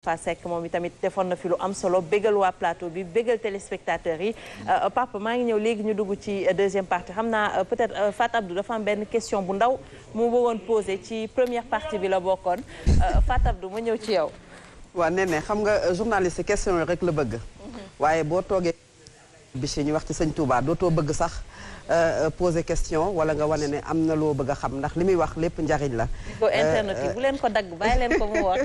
Fa Seck moom itamit defoon na fi lu am solo bégal waa plateau bi bégal téléspectateurs yi euh, euh, Papa maa ngi ñëw léegi ñu dugg ci euh, deuxième partie xam naa peut-être Fat Abdou dafa am benn question bu ndaw mu bëggoon poser ci première partie bi la bokkoon Fat Abdou ma ñëw ci yow. waaw nee xam nga journaliste question yi rek la bëgg. Mhm. waaye boo toogee. bi ñu wax ci sëñ Touba dootoo bëgg sax. Euh, euh, pose question wala nga wane ne am na loo bëgg a xam ndax li muy wax lépp njariñ la. Euh, bu leen ko dagg bàyyi leen ko mu woon.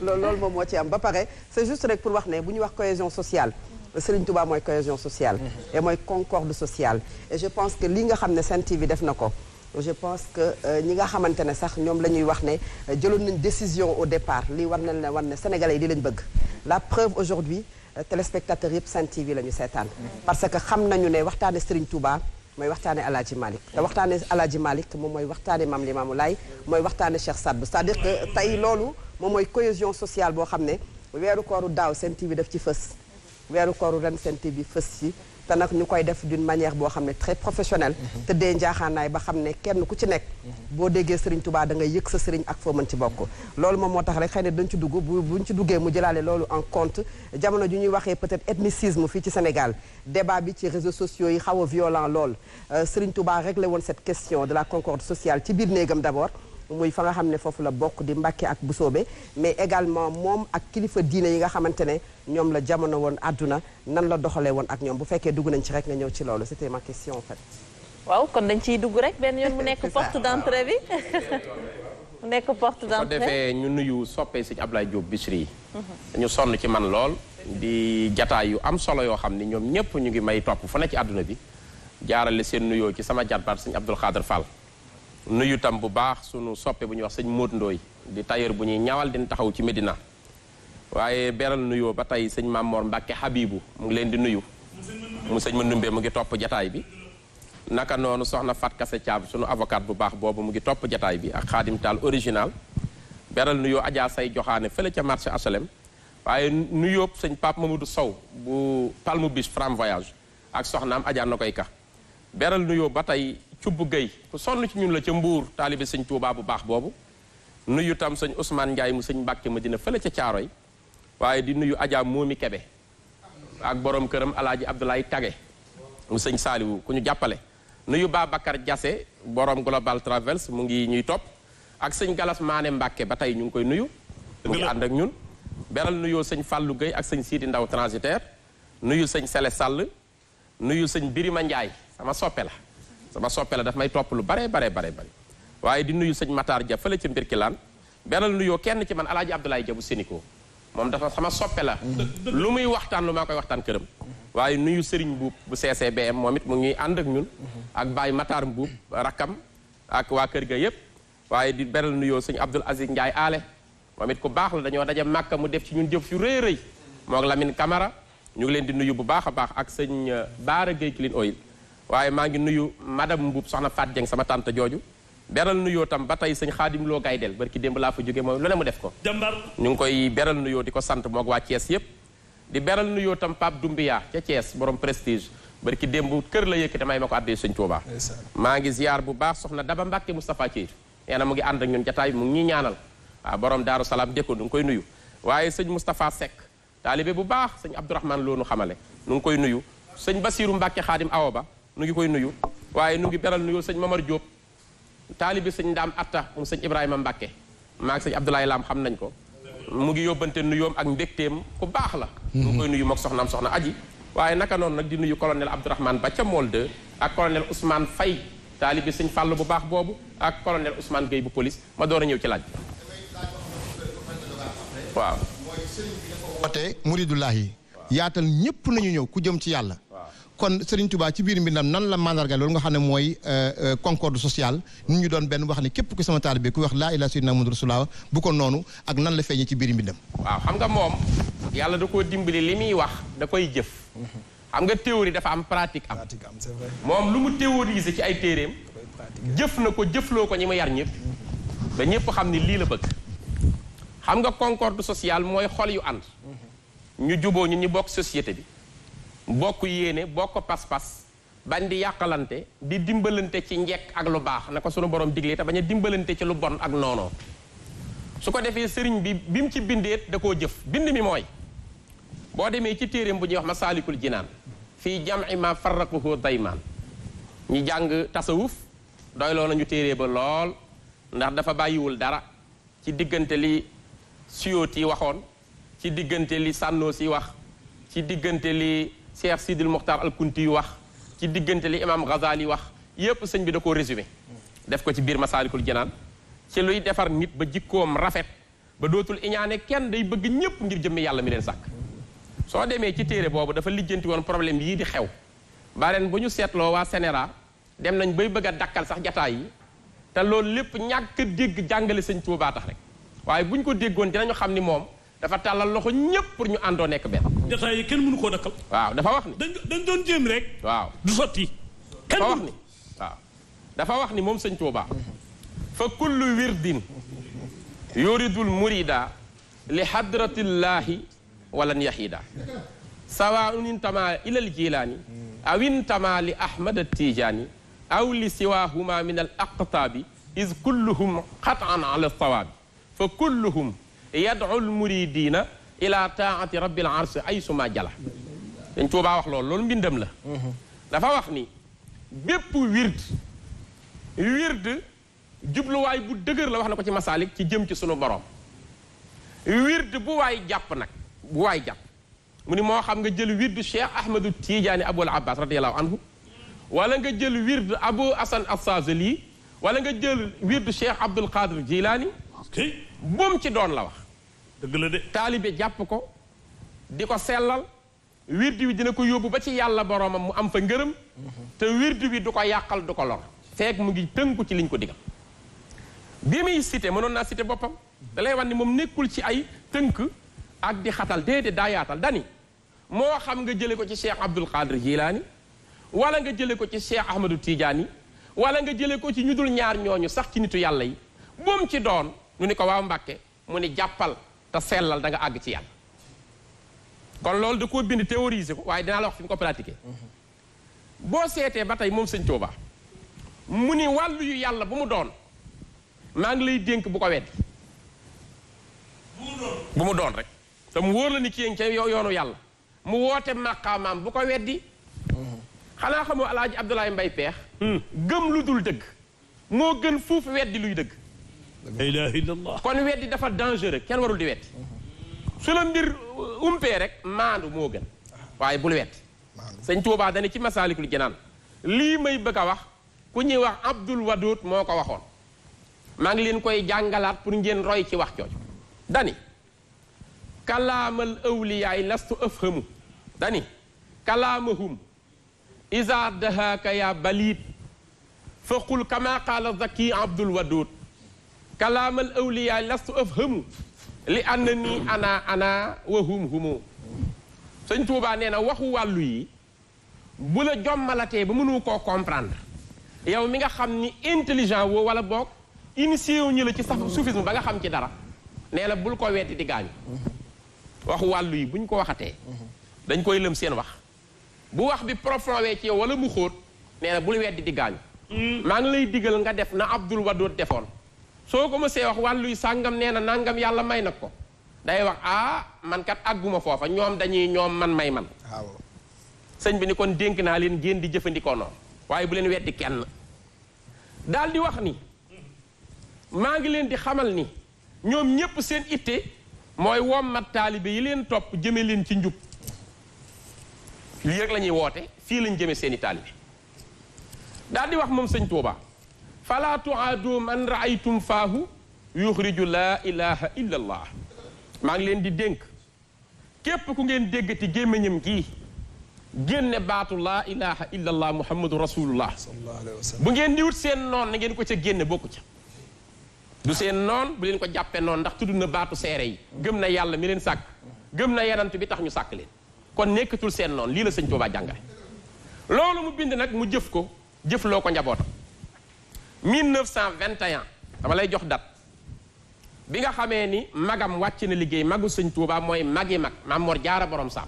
loolu moom moo ci am ba pare c'est juste rek pour wax ne bu ñu wax cohésion sociale. Serigne tubaa mooy cohésion sociale. Mhm. et mooy concorde sociale. et je pense que li nga xam ne Sen TV def na ko. je pense que ñi nga xamante ne sax ñoom la ñuy wax ne jëloon nañ décision au départ lii war na ne war ne sénégalais yi di lañ bëgg la preuve aujourd'hui téléspectateurs yëpp Sen TV la ñu seetaan mhm. parce que xam nañu ne waxtaane Serigne Touba mooy waxtaane alaaji Malick te waxtaane alaaji Malick moom mooy waxtaane maam Limaamu Laay mooy waxtaane Cheikh Saad Bou cest à tey loolu moom mooy cohésion sociale boo xam ne weeru kooru daaw Sen TV daf ci fës weeru kooru ren Sen TV fës ci te nag ñu koy def d'une manière boo xam ne très professionnelle mhm. te dee njaaxaanaay ba xam ne kenn ku ci nekk mhm. boo déggee Serigne Touba da ngay yëg sa Serigne ak foo man ci bokk loolu moom moo tax rek xëy na dañ ci dugg bu buñ ci duggee mu jëlaale loolu en compte jamono ju ñuy waxee peut-être ethnicisme fii ci Sénégal débat bi ci réseaux sociaux yi xaw a violent lool euh, Serigne Touba réglé woon cette question de la concorde sociale ci biir néegam d'abord muy fa nga xam ne foofu la bokk di Mbàkke ak soobee mais également moom ak kilifa diine yi nga xamante ne ñoom la jamono woon àdduna nan la doxalee woon ak ñoom bu fekkee dugg nañ ci rek nga ñëw ci loolu c'était ma question en fait. waaw kon dañ ciy dugg rek benn yoon mu nekk porte d'entrée bi. nekk porte d'entrée defee ñu nuyu soppee sëñ Ablaye Diop Bichri yi. ñu sonn ci man lool. di jataay yu am solo yoo xam ne ñoom ñëpp ñu ngi may topp fu ne ci àdduna bi jaarale seen nuyoo ci sama jarbaat sëñ Abdul Xaadir Fall. nuyu tam bu baax sunu soppe bu ñuy wax sëñ Modou ndooy di tailleur bu ñuy ñawal din taxaw ci Medina waaye beral nuyoo ba tey sëñ Mamor Mbacke Habibou mu ngi leen di nuyu mu sëñ Mandoumbe mu ngi topp jataay bi naka noonu soxna Fat Kase Thiam sunu avocat bu baax boobu mu ngi topp jataay bi ak Xaadim Taal original beral nuyoo Adja say joxaane fële ca marché HLM waaye nuyoo sëñ Pape Mamadou Sow bu Palme Biche Fram Voyage ak soxnaam Adja na koy ka beral nuyoo ba tey cubbu gay ku sonn ci ñun la ca mbuur taalibe sëñ Tuubaa bu baax boobu nuyu tam sëñ Ousmane Ndiaye mu sëñ Mbàkke ma dina fële ca Caaroy waaye di nuyu Adja Moomi Kebe ak boroom këram alaaji Abdoulaye Tage mu sëñ Saaliwu ku ñu jàppale nuyu Babacar Diassé borom Global Travels mu ngi ñuy topp ak sëñ Galas Maane Mbàkke ba tey ñu ngi koy nuyu mu ngi ànd ak ñun beral nuyoo sëñ Fallou Gueye ak sañ Sidi Ndaw transitaire nuyu sëñ Sele sàll nuyu sëñ Birima Ndiaye sama soppe sama soppe la dafa may topp lu bare bare bare waaye di nuyu sëñ Matar Dia fële ci Mbirkilaan benn nuyoo kenn ci man alaaji Abdoulaye Dia bu Sénico moom dafa sama soppe la lu muy waxtaan lu maa koy waxtaan këram waaye nuyu Serigne Mbuub bu CCBM moom it mu ngi ànd ak ñun ak Baye Matar Mbuub rakkam ak waa kër ga yépp waaye di beral nuyoo sëñ Abdoul Aziz Ndiaye aale moom it ku baax la dañoo daje màkka mu def ci ñun jëf yu rëy rëy moog Lamine Camara ñu ngi leen di nuyu bu baax a baax ak sëñ Baara Gueye Clean Oil waaye maa ngi nuyu madame Mbuub soxna Faat Jeng sama tante jooju beral nuyoo tam ba tey sëñ xaadim loo gay del barki démb laa fa jóge moom lu ne mu def ko jàmbar ñu ngi koy beral nuyoo di ko sant moog waa Thiès di beral nuyoo tam Pape Doumbia ca Thiès borom prestige barki démb kër la yëkkati may ma ko àddee sëñ Tuubaa maa ngi ziar bu baax soxna Daba Mbàkke Moustapha Thiir nee na mu ngi ànd ak ñun jataay mu ngi ñuy ñaanal waaw borom daaru salaam dékko nu ngi koy nuyu waaye sëñ Moustapha Seck taalibe bu baax sëñ Abdourahmane loonu xamale nu ngi koy nuyu sëñ Basiiru Mbàkke xaadim awo ba nu ngi koy nuyu waaye nu ngi beral nuyoo sëñ Mamar Diop taalibi sëñ Ndaam Atta moom sëñ Ibrahima Mbacke maag sëñ Abdoulaye Lam xam nañ ko mu ngi yóbbante nuyoom ak mbégteem ku baax la mhm. mu ngi koy nuyu mook soxnaam soxna aji waaye naka noonu nag di nuyu colonel Abdourahmane Ba ca Molde ak colonel Ousmane Faye taalibi sëñ Fàll bu baax boobu ak colonel Ousmane Gueye bu police ma door a ñëw ci laaj waaw mooy sëriñ bi woote muridullahi yaatal ñëpp nañu ñëw ku jëm ci yàlla kon Serigne Touba ci biir mbindam nan la mandargal loolu nga xam ne mooy euh, euh, concorde social ni ñu doon benn wax ne képp ku sama taal taalibe ku wax laa ilaaha illallah Muhammadur Rasulullah bu ko noonu ak nan la feeñee ci biir mbindam waaw xam nga moom yàlla da koo dimbali li muy wax da koy jëf xam nga théorie dafa am pratique am moom lu mu théorisé ci ay téeréem jëf na ko jëfloo ko ñi ma yar ñëpp ba ñëpp xam ni lii la bëgg xam nga concorde social mooy xol yu ànd mhm. ñu juboo ñu ñu bokk société bi bokk yéene bokk pas-pas bañ di yàqalante di dimbalante ci njekk ak lu baax na ko sunu borom digle te bañ a dimbalante ci lu bon ak noonoo su ko defee sëriñ bi bi mu ci bindeet da koo jëf bind mi mooy boo demee ci téeréem bu ñuy wax masaalikul jinaan fii jam'i ma farraquhu daymaan ñu jàng tasawuf doyloo nañu téere ba lool ndax dafa bàyyiwul dara ci diggante li siyoot yi waxoon ci diggante li sànnoo si wax ci diggante li Cheikh Sidil Mokhtar al Kunti yu wax ci diggante li imaam Ghazali wax yépp sëñ bi da koo résumé def ko ci biir Masaalikul Jinaan ci luy defar nit ba jikkoom rafet ba dootul iñaane kenn day bëgg ñépp ngir jëmmi yàlla mi leen sàkk soo demee ci téere boobu dafa lijjanti woon problème yii di xew ba ren bu ñu seetloo waa Sénéra dem nañ bay bëgg a dakkal sax jataay yi te loolu lépp ñàkk dégg jàngale sëñ Tuubaa tax rek waaye bu ñu ko déggoon dinañu xam ni moom dafa tàllal loxo ñëpp pour ñu àndoo nekk benn. jataay yi kenn mënu koo dakkal. waaw dafa wax ni. dañ dañ doon jéem rek. waaw du sotti. kenn wax ni waaw. dafa wax ni moom sëñ Tuubaa fa kullu wirdin yuridul murida li xadratillaahi walan yahida sawaun intama ilal jilaani aw intama li ahmad tijaani aw li siwahuma min al aqtaabi is kulluhum qatan ala sawaabi fa kulluhum yad'ul muridina ila taati rabbil arsi ay suma jala dañ tuubaa wax loolu loolu mbindam la dafa wax ni bépp wird jubluwaay bu dëgër la wax na ko ci masaalik ci jëm ci sunu borom wird bu waay jàpp nag bu waay jàpp mu ni moo xam nga jël wirdu cheikh ahmadu tijaani abul abbas radiallahu anhu wala nga jël wirdu abu asan assazali wala nga jël wirdu cheikh abdul qadir jilaani bum ci doon la wax. dëgg la taalibe jàpp ko di ko sellal wirdu wi dina ko yóbbu ba ci yàlla boroomam mu am fa ngërëm. te wirdu wi du ko yàqal du ko lor. feek mu ngi tënku ci liñ ko digal bi muy cité mënoon naa cité boppam da lay wan ni moom nekkul ci ay tënk ak di xatal déedéet daa yaatal dani moo xam nga jële ko ci cheikh abdul qadir jilaani wala nga jële ko ci cheikh ahmadou tidiane yi wala nga jële ko ci ñu dul ñaar ñooñu sax ci nitu yàlla yi bu mu ci doon nu ni ko waaw Mbàkke mu ni jàppal te sellal da nga àgg ci yàlla kon loolu da koo bind théoriser ko waaye dinaa la wax fi mu ko pratiquer boo seetee ba tey moom sëñ Tuuba mu ni wàllu yu yàlla bu mu doon maa ngi lay dénk bu ko weddi bu mu doon rek te mu wóor la ni kiyéngi ca yoonu yàlla mu woote màqaamaam bu ko weddi xanaa xamoo alaaji Abdoulaye Mbay peex hmm. gëm lu dul dëgg moo gën fuufu weddi luy dëgg la ilaha illallah kon weddi dafa dangereux kenn warul di weddi su la mbir uh, umpee rek maandu moo gën waaye bul wet sëñ Tuubaa dani ci masaalikul jinaan lii may bëgg a wax ku ñuy wax Abdul Wadud moo ko waxoon maa ngi leen koy jàngalaat pour ngeen roy ci wax jooju dani kalaamal awliyaay lastu afhamu dani kalaamahum isa dahaaka ya balid fa qul zaki Abdul Wadud kalaamal awliyaa lastu afhamu li ànd nii ana ana wa hum humu sëñ Tuubaa nee na waxu wàllu yi bu la jommalatee ba mënu ko comprendre yow mi nga xam ni intelligent woo wala boog initié wu ñu la ci sax soufisme ba nga xam ci dara nee na bul ko weeti di gaañu waxu wàllu yi buñ ko waxatee dañ koy lëm seen wax bu wax bi profond wee ci yow wala mu xóot nee na bul weddi di gaañu mm. maa ngi lay digal nga def na Abdul Wadud defoon soo ko mësee wax wàlluy sàngam nee na nàngam yàlla may na ko day wax ah man kat àgguma foofa ñoom dañuy ñoom man may man waaw sëñ bi ni kon dénk naa leen génn di jëfandikoo noonu waaye bu leen weddi kenn daal di wax ni maa ngi leen di xamal ni ñoom ñépp seen itte mooy wommat taalibe yi leen topp jëme leen ci njub lii rek lañuy woote fii lañ jëme seeni taalibe daal di wax moom sëñ Tuubaa fala tuaadu man raaytum faahu yuxriju laa ilaha illa allah maa ngi leen di dénk képp ku ngeen déggati gémmiñam gii génne baatu laa ilaha illa allah muhammadu rasulullah bu ngeen di seen noon na ngeen ko ca génne bokku ca du seen noon bu leen ko jàppe noon ndax tudd na baatu seere yi gëm na yàlla mi leen sàkk gëm na yenant bi tax ñu sàkk leen kon nekkatul seen noon lii la sëñ Tuubaa jàngale loolu mu bind nag mu jëf ko jëf loo ko njabootam 1921 dama lay jox date bi nga xamee ni magam wàcc na liggéey magu sëñ Touba mooy magi mag maam Mor jaar borom Saam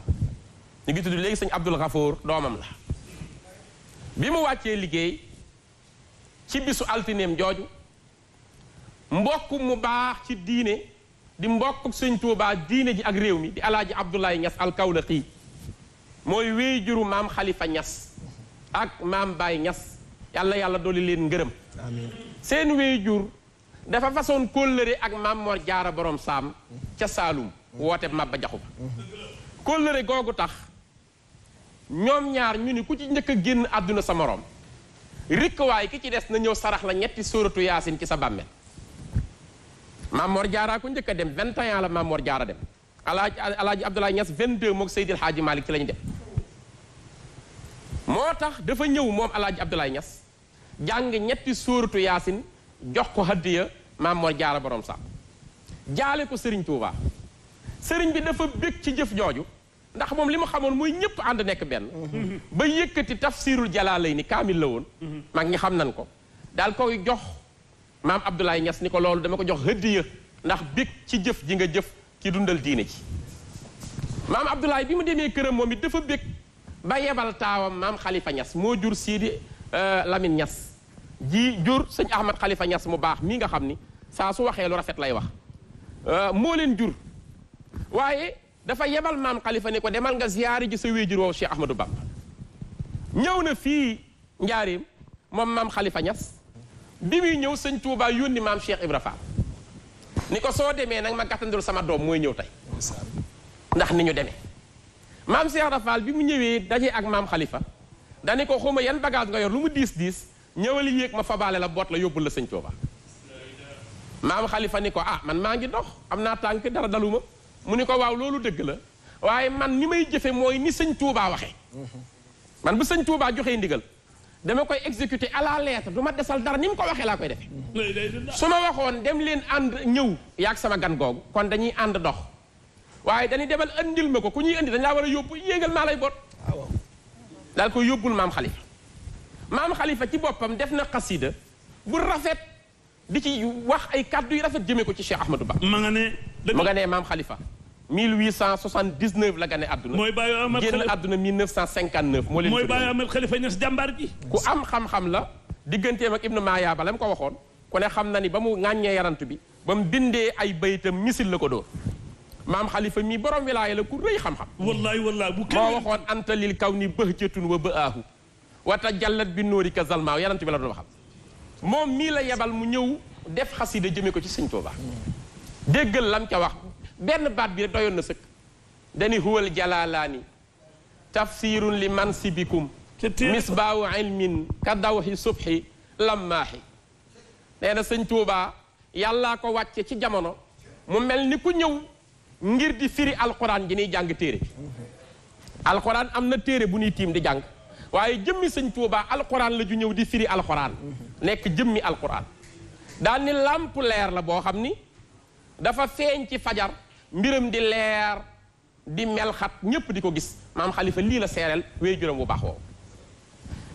ñu ngi tudd léegi sëñ Abdul Gafoor doomam la bi mu wàccee liggéey ci bisu altineem jooju mbokk mu baax ci diine di mbokk sëñ Touba diine ji ak réew mi di alaaji Abdoulaye Ñas alkawlaxi mooy wéy juru maam Xalifa Ñas ak maam Baay Ñas yàlla yàlla dolli leen ngërëm seen wéy jur dafa façon kóllëre ak Maam Jaara Borom Saam ca Saalum woote Mabba Jaxu Ba kóllëre googu tax ñoom ñaar ñu ni ku ci njëkk génn àdduna sa moroom rikk waay ki ci des na ñëw sarax la ñetti sóoratu yaasin ci sa bàmmeel Maam Mor Jaara ku njëkk dem 21 ans la Maam Jaara dem Alaaji Alaaji Abdoulaye Niass 22 mook Seydil Haaji Malick ci la ñu dem moo tax dafa ñëw moom Alaaji Abdoulaye ñas jàng ñetti suuratu yaasin jox ko haddiya maam jaar Jaara borom sax jaale ko sëriñ Touba Serigne bi dafa bég ci jëf jooju ndax moom li ma xamoon muy ñëpp ànd nekk benn. ba yëkkati tafsirul Jalaalayni kaamil la woon. mag ñi xam nan ko daal koy jox maam Abdoulaye Niass ni ko loolu dama ko jox haddiya ndax bég ci jëf ji nga jëf ci dundal diine ci maam Abdoulaye bi mu demee këram moom it dafa bég ba yebal taawam maam xalifa Niass moo jur sii Sidi euh, Lamine ñas ji jur sëñ Ahmad Khalifa Niass mu baax mii nga xam ni saa su waxee lu rafet lay wax euh, moo leen jur waaye dafa yebal maam xalifa ni ko demal nga ziyaari ji sa wéejur woowu Cheikh Ahmadou Bamba ñëw na fii njaareem moom maam xalifa Niass bi muy ñëw sëñ Touba yónni maam Cheikh Ibra Fall ni ko soo demee nag ma gàttandul sama doom mooy ñëw tey ndax ni ñu demee maam Cheikh Ibra bi mu ñëwee dajee ak maam xalifa dani ko xuma yan bagage nga yor lu mu diis diis ñëwal yéeg ma fabaale la boot la yóbbul la sëñ Tuuba maam xalifa ni ko ah man maa ngi ndox am naa tànk dara daluma mu ni ko waaw loolu dëgg la waaye man ni may jëfe mooy ni sëñ Tuuba waxe man bu sëñ Tuuba joxee ndigal dama koy exécuter à la lettre ma desal dara ni mu ko waxee laa koy defee su ma waxoon dem leen ànd ñëw yaag sama gan googu kon dañuy ànd dox waaye dañuy demal andil ma ko ku ñuy andi dañ laa war a yóbbu yéegal maa lay boot ah, daal ko yóbbul maam maam xalifa ci boppam def na xasida bu rafet di ci wax ay kàddu yu rafet jëmee ko ci Cheikh Ahmadou Ba. ma nga ne. ma nga ne maam xalifa 1879 la gane àdduna. mooy bàyyi Ahmed Khalifa génn àdduna 1959. moo mooy bàyyi Ahmed Khalifa Niass jàmbaar ji. ku am xam-xam la digganteem ak Ibnu Maaya ba la mu ko waxoon ku ne xam na ni ba mu ŋàññee yarantu bi ba mu bindee ay baytam misil la ko dóor. maam xalifa mii borom wilaaya la ku rëy xam-xam. wallaay wallaay bu kenn moo waxoon antalil kaw ni bëh jëtun wa ba aahu wata jallat bi nóori ka zalmaaw yanant bi la doon waxal moom mii la yebal mu ñëw def xasida jëme ko ci sëñ Tuuba déggal lam ca wax benn baat bi rek doyoon na sëkk dani huwal jalaalaani tafsirun li mansibikum misbaawu ilmin ka dawxi subxi lammaaxi nee na sëñ Tuuba yàllaa ko wàcce ci jamono mu mel ni ku ñëw ngir di firi alquran ji ñuy jàng téere bi alquran am na téere bu ñuy tiim di jàng waaye jëmmi sëñ Tuubaa alxuraan la ju ñëw di firi alxuraan nekk jëmmi alxuraan daal ni làmp leer la boo xam ni dafa feeñ ci fajar mbiram di leer di melxat ñépp di ko gis maam xalifa lii la seereel wéy juróom bu baax woowu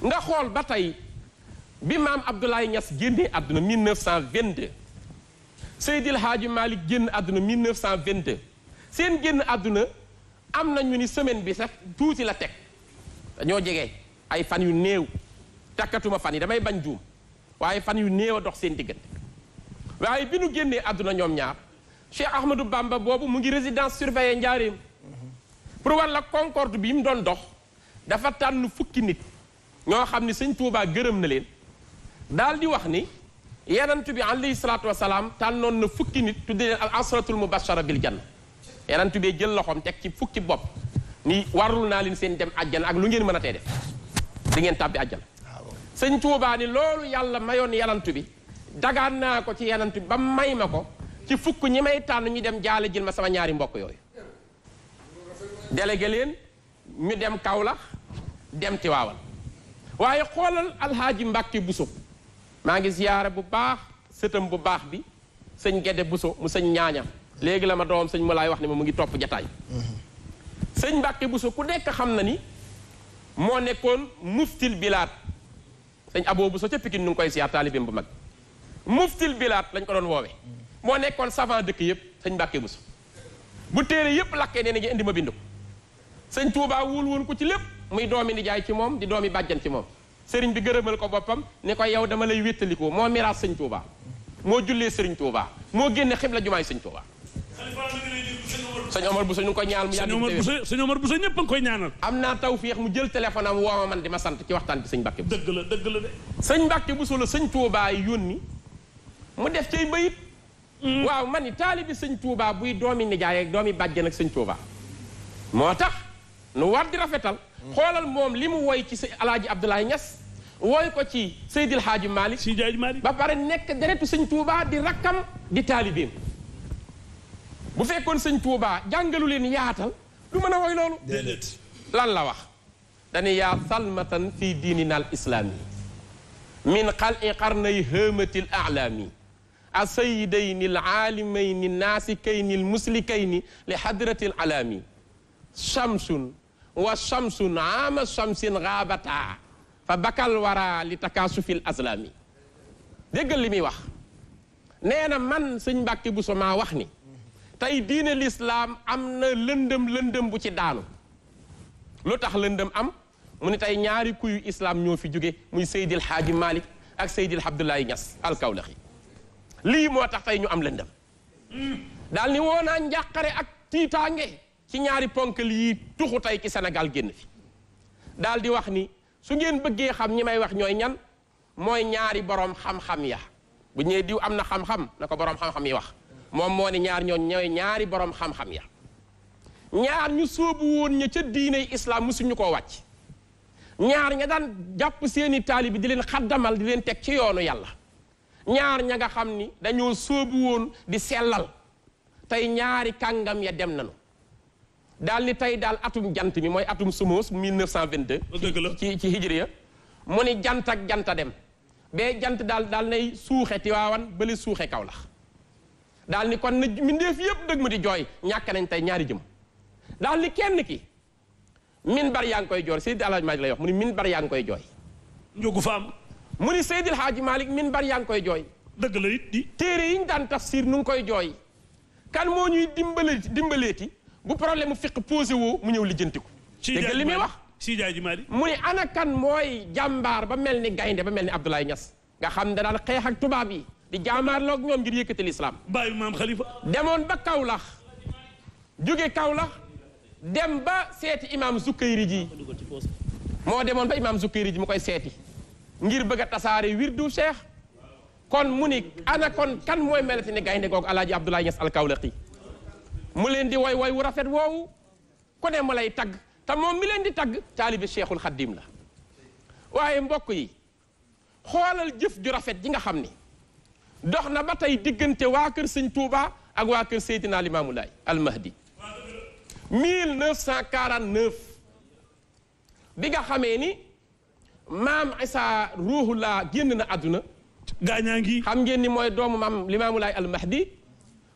nga xool ba tey bi maam Abdoulaye ñas génnee àdduna 1922 Seydil Hadji Malick génn àdduna 1922 seen génn àdduna am ñu ni semaine bi sax tuuti la teg dañoo jege. ay fan yu néew takkatuma fan yi damay bañ juum waaye fan yu néew a dox seen diggante waaye bi nu génnee àdduna ñoom ñaar Cheikh Ahmadou Bamba boobu mu ngi résidence surveillée Njaaréem pour la concorde bi mu doon dox dafa tànn fukki nit ñoo xam ni sëñ Tuubaa gërëm na leen daal di wax ni yenantu bi alayhi salaatu wasalaam tànnoon na fukki nit tudde leen al asratul mubashara bil janna yenantu bee jël loxoom teg ci fukki bopp ni warul naa leen seen dem àjjana ak lu ngeen mën a tey def da ngeen tàbbi àjjana sëñ Tuubaa ni loolu yàlla mayoon yanantu bi dagaan naa ko ci yanantu bi ba may ma ko ci fukk ñi may tànn ñu dem jaale jël ma sama ñaari mbokk yooyu délégué leen ñu dem kaw la dem Tiwaawan waaye xoolal alhaaji Mbàkke Buso maa ngi ziyaara bu baax sëtëm bu baax bi sëñ Gede Buso mu sëñ ñaaña léegi la ma doom sëñ mu laay wax ne ma mu ngi topp jataay mhm. sëñ Mbàkke Buso ku nekk xam na ni moo nekkoon muftil bilaat sëñ aboo bu so ca Pikine ñu ngi koy siyaar taalibeem bu mag muftil bilaat lañ ko doon woowee moo nekkoon savant dëkk yëpp sañ Mbàkke bu so bu téere yëpp lakkee nee na ngi indi ma bind ko sëñ Tuubaa wul woon ko ci lépp muy doomi nijaay ci moom di doomi bàjjan ci moom sëriñ bi gërëmal ko boppam ne ko yow dama lay wéttalikoo moo miraas sëñ Tuubaa moo jullee sëriñ Tuubaa moo génne xibla jumaay sëñ Tuubaa sëñ Omar bu ñu ngi koy ñaanal mu yàgg sëñ Omar Bousso ñëpp a ngi am naa tawféex mu jël téléphone am woo ma man di ma sant ci waxtaan bi sëñ Mbàkke dëgg la dëgg la de sëñ Mbàkke Bousso la sëñ Tuubaa yónni mu def cay mbayit mm. waaw man ni taalibi sëñ Tuubaa buy doomi nijaay ak doomi bàjjen ak sëñ Tuubaa moo tax nu war di rafetal mm. xoolal moom li mu woy ci sëñ Alaaji Abdoulaye Niass wooy ko ci Seydil Haaji Malick ba pare nekk deretu sëñ Tuubaa di rakkam di taalibeem bu fekkoon sëñ Touba jàngalu leen yaatal du ma a woy loolu. lan la wax. dani yaa salmatan fi diinina al islaami min xalqi qarnay hëmati l aalaami asayidayni l aalimayni naasikayni l muslikayni li hadrati alaami shamsun wa shamsun aama shamsin gaabata fa bakal wara li takaasufi l aslaami déggal wax nee na man sëñ Mbàkke bu so maa wax ni tey diine lislaam am na lëndëm lëndëm bu ci daanu lu tax lëndëm am mu ne tey ñaari kuyu islaam ñoo fi jóge muy seydi Xaaji Malik ak Seydil Abdoulaye Niass alkawlaxi lii moo tax tey ñu am lëndëm daal ni woo naa njàqare ak tiitaange ci ñaari ponk yi tuxu tey ci senegal génn fi daal di wax ni su ngeen bëggee xam ñi may wax ñooy ñan mooy ñaari boroom xam-xam ya bu ñëwee diw am na xam-xam na ko boroom xam-xam yi wax moom moo ni ñaar ñoo ñooy ñaari boroom xam-xam ya ñaar ñu sóobu woon ña ca diiney islam musuñu koo wàcc ñaar ña daan jàpp seeni taalibi di leen xaddamal di leen teg ci yoonu yàlla ñaar ña nga xam ni dañoo sóobu woon di sellal tey ñaari kàngam ya dem nañu daal ni tey daal atum jant mi mooy atum sumoos 1922 ci ci hijriya mu ni jant ak janta dem bee jant daal daal nay suuxe Tiwaawan bële suuxe Kawlax daal ni kon na mindeef yëpp dëgg ma di jooy ñàkk nañ tey ñaari jëm daal ni kenn ki min bar yaa ngi koy jooy Seydi Alaaji Maalik lay wax mu ni min bar yaa ngi koy jooy njógu fa am mu ni Seydi Alaaji Maalik min bar yaa ngi koy jooy dëgg la it yi ñu daan tafsir nu ngi koy jooy kan moo ñuy dimbaleeti dimbaleeti bu problème mu fiq posé woo mu ñëw lijjantiku ko dégg li muy wax Seydi mu ni ana kan mooy jàmbaar ba mel ni gaynde ba mel ni Abdoulaye Niass nga xam ne daan xeex tubaab yi di jaamaarloog ñoom ngir yëkkati lislaam bàyyi maam xalifa demoon ba Kaolack jóge Kaolack dem ba seeti imaam Zukkayri ji moo demoon ba imaam Zukkayri ji mu koy seeti ngir bëgga a tasaare wirdu cheikh kon mu ni ana kon kan mooy melati ne gaynde googu alaaji Abdoulaye Niass alkawlaqi mu leen di woy woy wu rafet woowu kone ne mu lay tagg te moom mi leen di tagg taalibi cheikhul xaddim la waaye mbokk yi xoolal jëf ju rafet ji nga xam ni dox na ba tey diggante waa kër sëñ Touba ak waa kër Seydina Limaamu Laay al Mahdi 1949 bi nga xamee ni maam Isa Ruuhullah génn na àdduna. gaañaa ngi xam ngeen ni mooy doomu maam Limaamu Laay al Mahdi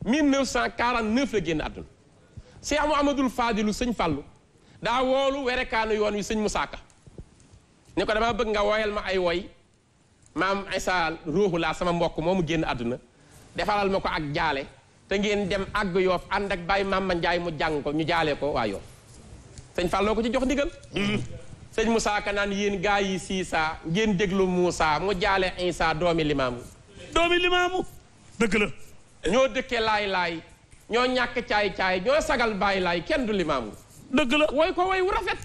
1949 la génn àdduna Cheikh Mouhamadoul Fadilu sëñ Fàllu daa woolu werekaanu yoon wi sëñ Musaa Ka ko dama bëgg nga woyal ma ay woy maam Isa ruuxu laa sama mbokk moom mu génn àdduna defaral ma ko ak jaale te ngeen dem àgg yoof ànd ak bàyyi maam ma njaay mu jàng ko ñu jaalee ko waa yoof sëñ Falloo ko ci jox ndigal sëñ Moussa naan yéen gaa yi siisaa ngeen déglu Moussa mu jaale Isa doomi limaamu doomi limaamu dëgg la ñoo dëkkee laay laay ñoo ñàkk caay caay ñoo sagal baay laay kenn du limaamu dëgg la woy ko woy wu rafet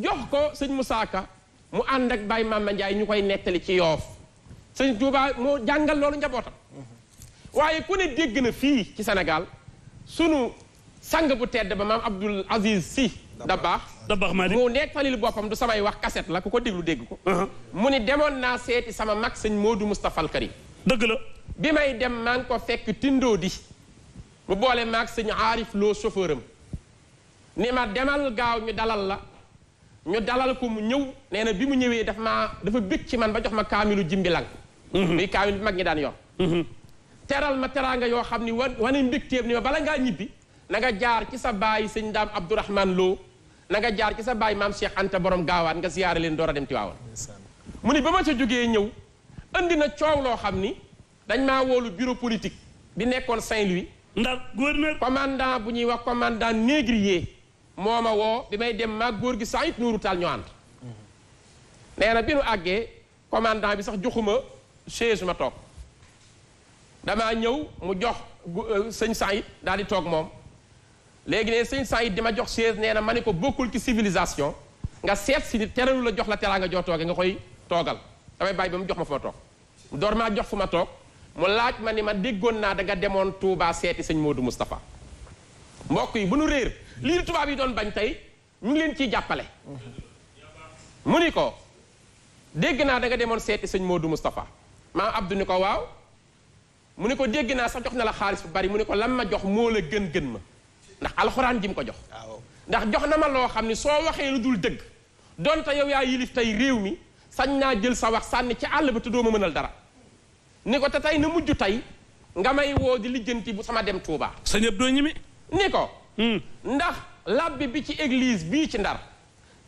jox ko sëñ Moussa Ka mu ànd ak bàyyi maam ma njaay ñu koy nettali ci yoof sëñ Touba moo jàngal loolu njabootam waaye ku ne dégg na fii ci Sénégal sunu sang bu tedd ba maam Abdoul Aziz Sy Dabakh Dabakh Malick mu nekk falil boppam du samay wax kaset la ku ko déglu dégg ko uh-huh. mu ni demoon naa seeti sama mag sëñ Modou Moustapha Al Karim dëgg la bi may dem maa ngi ko fekk tindoo di mu boole maag sëñ aarif loo chauffeur am ni ma demal gaaw ñu dalal la ñu dalal ko mu ñëw nee na bi mu ñëwee daf maa dafa bëgg ci man ba jox ma kaamilu jimbilang Mm-hmm. muy kaawin bi mag ñi daan yor mm-hmm. teral ma teraanga yoo xam ni wa wane mbégteem ni ma bala ngaa ñibbi nanga jaar ci sa baay sëñ daam Abdourahman loo na nga jaar ci sa baay maam Cheikh Anta boroom gaawaat nga ziyaare leen door a dem Tiwaawan mu ni ba ma ca jógee ñëw andi na coow loo xam ni dañ maa woolu bureau politique bi nekkoon Saint-Louis ndax gouverneur commandant bu ñuy wax commandant négrier moo ma woo bi may dem maag góor gi Saïd Nourou Tall ñoo mm-hmm. na bi àggee commandant bi sax joxuma chaise ma toog damaa ñëw mu jox euh, sëñ Saïd daal di toog moom léegi ne sëñ Saïd di ma jox chaise nee na ma ne ko bokkul ci civilisation nga seet si ni teralu la jox la teraanga joo tooge nga koy toogal damay bàyyi ba mu jox ma fu ma toog door maa jox fu ma toog mu laaj ma ni ma déggoon naa da nga demoon Touba seeti sëñ Modou Moustapha mbokk yi bu nu réer lii tubaab yi doon bañ tey ñu ngi leen ciy jàppale mu ni ko dégg naa danga demoon seeti sëñ Modou Moustapha maam Abdou ni ko waaw mu ne ko dégg naa sa jox na la xaalis bu bari mu ne ko lan ma jox moo la gën gën ma ndax alxuraan ji mu ko jox. ndax jox na ma loo xam ne soo waxee lu dul dëgg donte yow yaa yilif tey réew mi sañ naa jël sa wax sànni ci àll ba te doo ma mënal dara ni ko te tey na mujj tey nga may woo lijjanti bu sama dem Touba. sa ñëpp doo ñimi ni ko. Hmm. ndax labbi bi ci église bii ci Ndar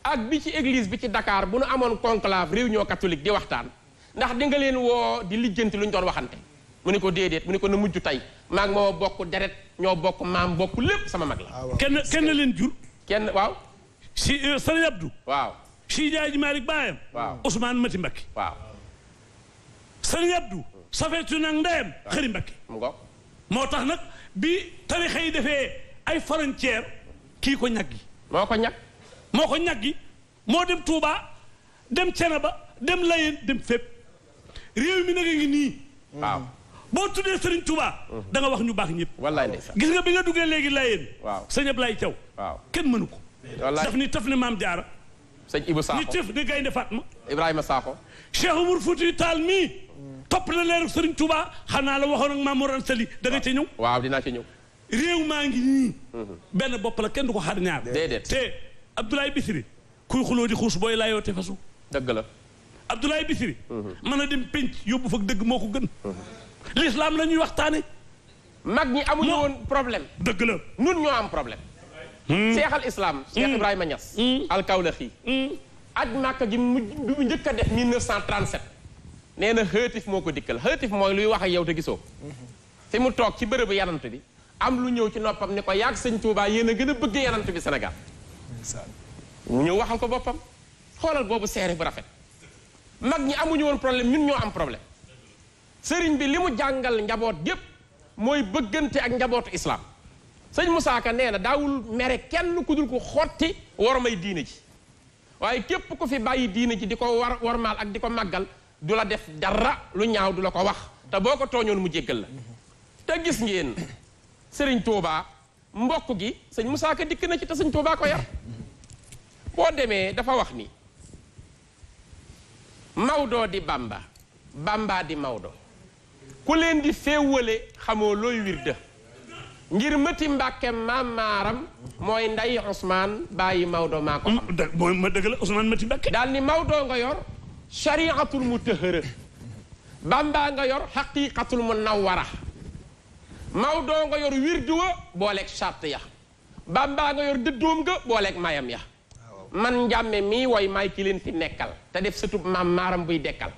ak bi ci église bi ci Dakar bu nu amoon conclave réunion catholique di waxtaan. ndax di leen woo di lijjanti lu ñu doon waxante mu ne ko déedéet mu ne ko na mujj tey maag moo bokk deret ñoo bokk maam bokk lépp sama mag la ah, kenn kenn leen jur kenn waaw si euh, sëriñ Abdou waaw si jaaji waaw Ousmane Mati Mbakke waaw sëriñ Abdou safetu nag ndeyam xëri Mbakke moo tax nag bi tarixa yi defee ay frontière kii ko ñaggi moo ko ñag moo ko ñaggi moo dem Touba dem Cenaba dem lay dem fépp réew mi nag a ngi nii. Mm. boo tuddee Serigne tubaa mm. da wax ñu baax ñëpp. wallaay ndeysaan gis nga bi nga duggee léegi laayeen. waaw sëñ Ablaye Thiaw. waaw kenn mënu ko. wallaay ni taf ni maam jaara sëñ Ibou Sakho ni tëf ni Gaynde Fatma. Ibrahima Sakho. Cheikh Oumar Foutiyou taal mii. topp na leeru sëriñ tubaa xanaa la waxoon ak maam Mor Anta Sali da ci ñëw. waaw dinaa ci ñëw. réew maa ngi nii. Mm-hmm. benn bopp la kenn du ko xar ñaar. déedéet te Abdoulaye Bichri kuy xuloo di xuus booy laayoo te fasu. dëgg la. Abdoulaye Bisiri mën a dem penc yóbbu fa dëgg moo ko gën l'islam la ñuy waxtaane mag ñi amuloo woon problème dëgg la nun ñoo am problème seex hmm. al islam Cheikh hmm. Ibrahima Niass hmm. alkawlaxi aj màkk gi mu mu njëkk a def 1937 nee na moo ko dikkal xëetif mooy luy wax ak yow te gisoo fi mu toog ci bërëbu yanant bi am lu ñëw ci noppam ni ko yaag sëñ Touba yéen a gën a bëgg yanant bi Sénégal mu ñëw waxal ko boppam xoolal boobu seere bu rafet mag ñi amuñu woon problème ñun ñoo am problème sëriñ bi li mu jàngal njaboot gépp mooy bëggante ak njabootu islaam sëñ Moussa Ka nee na daawul mere kenn ku dul ko xotti war may diine ji waaye képp ku fi bàyyi diine ji di ko war warmaal ak di ko màggal du la def dara lu ñaaw du la ko wax te boo ko tooñoon mu jéggal la te gis ngeen sëriñ Touba mbokk gi sëñ Moussa Ka dikk na ci te sëñ Touba ko yar boo demee dafa wax ni Mawdo di Bamba Bamba di Mawdo ku leen di féewale xamoo looy wirda ngir mëti Mbàkke maam maaram mooy nday Ousmane bàyyi Mawdo maa ko xam mm, mooy ma dëgg la Ousmane mëti Mbàkke daal ni Mawdo nga yor shariatul mutahhara Bamba nga yor xaqiqatul munawwara Mawdo nga yor wirdu wa booleeg sart ya Bamba nga yor dëddoom nga booleeg mayam ya man njàmme mii woy maay ki leen fi nekkal te def sëtub maam maaram buy dekkal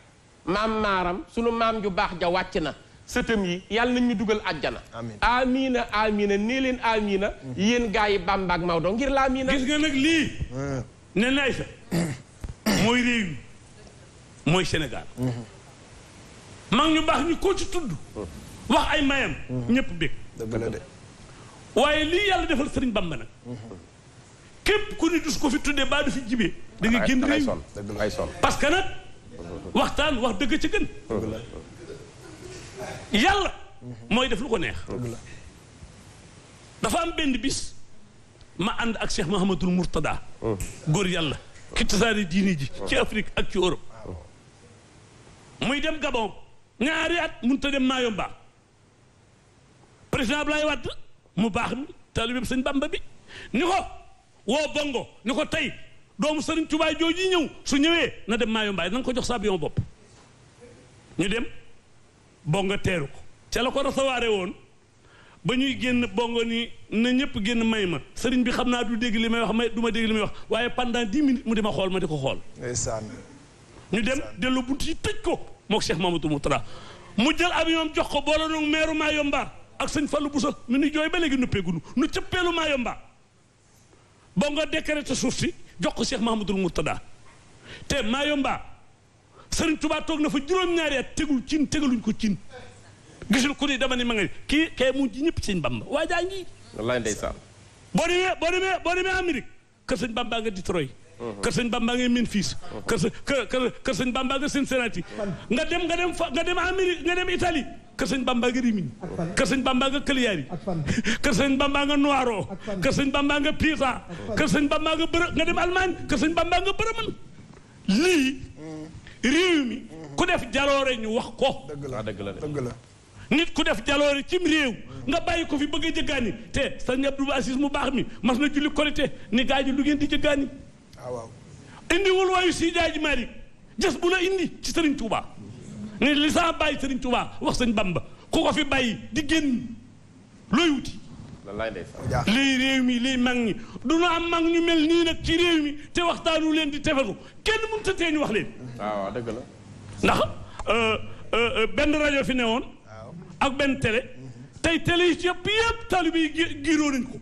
maam maaram sunu maam ju baax ja wàcc na sëtëm yi yàlla nañ ñu dugal àjjana amina amina nee leen amina mhm. yéen gaa yi Bamba ak Maodo ngir laa amina gis nga nag lii ne nay sa mooy réew mi mooy Sénégal mhm. mag ñu baax ñu ko ci tudd mhm. wax ay mayam ñëpp bég waaye lii yàlla defal sëriñ Bamba nag képp ku ni dus ko fi tuddee baa du fi jibee da nga génn réew parce que nag waxtaan wax dëgg ci gën yàlla mooy def lu ko neex dafa am benn bis ma ànd ak Cheikh Mahamadul Mourtada góor yàlla ki tasaare ji ci Afrique ak ci Europe muy dem Gabon ñaari at mun ta dem Mayomba président Abdoulaye Wade mu baax mi taalibe sëñ Bamba bi ni ko woo bongo ni ko tey doomu Serigne Touba jooju ñëw su ñëwee na dem Maayo Mbaay na nga ko jox sa avion bopp ñu dem bongo teeru ko ca la ko recevoir woon ba ñuy génn bongo ni na ñëpp génn may ma sëriñ bi xam naa du dégg li may wax may du ma dégg li may wax waaye pendant dix minutes mu di ma xool ma di ko xool. ndeysaan ñu dem dellu bunt yi tëj ko mook Cheikh Mamadou Moutara mu jël avion jox ko boole noonu meeru Maayo Mbaar ak sëñ Fallou Boussa mi nu jooy ba léegi noppeegunu nu cëppeelu Maayo boo nga décrété suuf si jox ko Cheikh Mahamadul Murtada te Mayomba Sëriñ Tuubaa toog na fa juróom-ñaari at tegul cin tegaluñ ko cin gisul ku ni dama ni ma nga kii kay mu ci ñëpp sëñ Bamba waa jaa ngi. wallaay ndeysaan. boo demee boo demee boo demee Amérique kër sëñ Bamba nga Detroit. kër sëñ Bamba ngay Memphis kër sa kër kër sëñ Bamba nga Cincinnati nga dem nga dem nga dem Amérique nga dem Italie kër sëñ Bamba nga Rimini kër sëñ Bamba nga Cagliari kër sëñ Bamba nga Nuoro kër sëñ Bamba nga Pisa kër sëñ Bamba nga bërë nga dem Allemagne kër sëñ Bamba nga bërëman lii réew mi ku def jaloore ñu wax ko dëgg la ah, dëgg la nit ku def jaloore cim réew nga bàyyi ko fi bëggee a jëggaani te sëñ Abdou Aziz mu baax mi mas na julli korité ni gaa ji lu ngeen di jëggaani waaw ah, waaw indiwul waayu si daaji Malick bu la indi ci Serigne Touba ne li saa bàyyi Serigne Touba wax sañ Bamba ku ko fi bàyyi di génn looy wuti. lii réew mi lii mag ñi du nu am mag ñu mel nii nag ci réew mi te waxtaanu leen di tefalu kenn mënut a tee ñu wax leen. Ah, waaw dëgg la. ndax euh, euh, euh, benn rajo fi ne woon ak benn télé. tey télé yi ci yëpp yëpp taalibe yi giiroo nañ ko.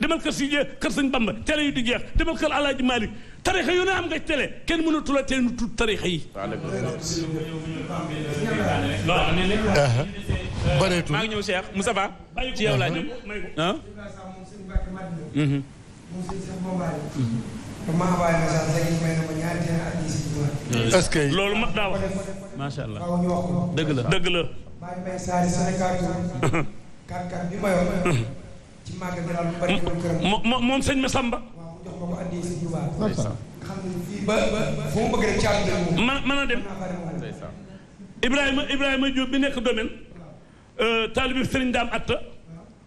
demal kër si kër sëñ Bamba télé yi di jeex demal kër Alaaji Malik tarixa yu ne am nga télé kenn mënatu la tey nu tudd tarixa yi. bareetul maa ngi ñëw Cheikh Moussa Ba ci yow laa jëm ah. est-ce que loolu mat naa wax macha allah dëgg la dëgg la. maa ngi may saari Sénégal moom moom ma ko ba man a dem Ibrahima Ibrahima Diop bi nekk domaine euh, taalibi sëriñ Daam Atta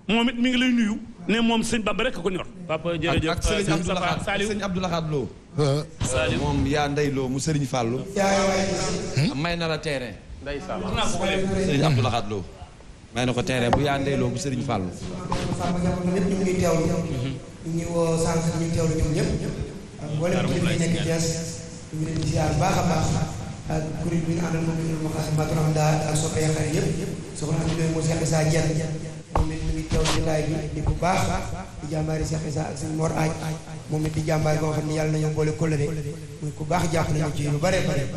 moom it mi ngi lay nuyu ne moom sëñ ba rek ko ñor papa jërëjëf ak sëriñ Abdou Lahad moom yaa ndey Lo mu sëriñ Fallou may na la terrain ndeysaan sëriñ Abdou Lahad Lo may na ko teere bu yaandee loo bu sëriñ Fallou Samba Diakhoune ñëpp ñu ngi teewlu ñu ngi woo sànq ñu ngi teewlu ñoom ñëpp mboolem baax a baax ak kuréel bi ñu àndal moom ñu ma xas matul am daal ak soppe xare yëpp soxna am ñooy moo Cheikh Issa Dieng mu ngi teew ci laay bi di bu baax di jàmbaari Cheikh Issa ak suñu Mor Aaj moom it di jàmbaari boo xam ne yàlla nañoo boole kóllëre muy ku baax jàpp nañu ci lu bare bare